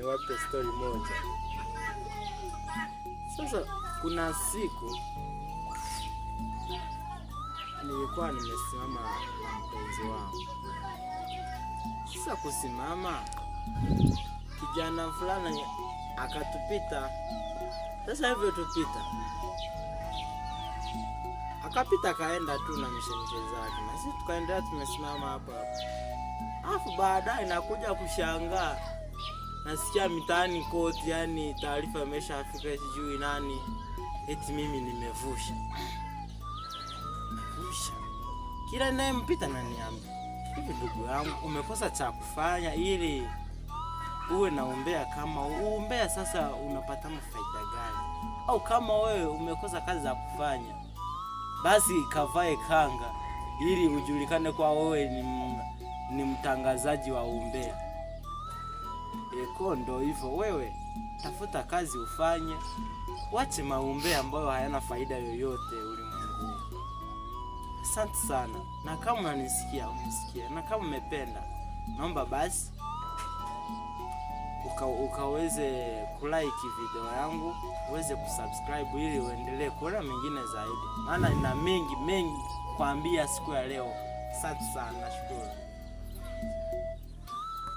niwape story moja. Sasa kuna siku nilikuwa nimesimama na mpenzi wangu. Sasa kusimama, kijana fulani akatupita. Sasa hivyo tupita, akapita akaenda tu na mishemishe zake, na sisi tukaendelea tumesimama hapo hapo, alafu baadaye nakuja kushangaa nasikia mitaani kote, yani taarifa imeshafika, sijui nani eti mimi nimevusha vusha. Kila nayempita naniambia hivi, ndugu yangu, umekosa cha kufanya ili uwe naombea? kama uombea Sasa unapata faida gani? Au kama wewe umekosa kazi za kufanya, basi kavae kanga ili ujulikane kwa wewe ni, ni mtangazaji wa umbea. Eko ndo hivyo. Wewe tafuta kazi ufanye, wache maumbe ambayo hayana faida yoyote ulimwengu Asante sana, na kama unanisikia unisikia, na kama umependa, naomba basi uka, ukaweze kulike video yangu uweze kusubscribe ili uendelee kuona mengine zaidi, maana ina mengi mengi kuambia siku ya leo. Asante sana, nashukuru.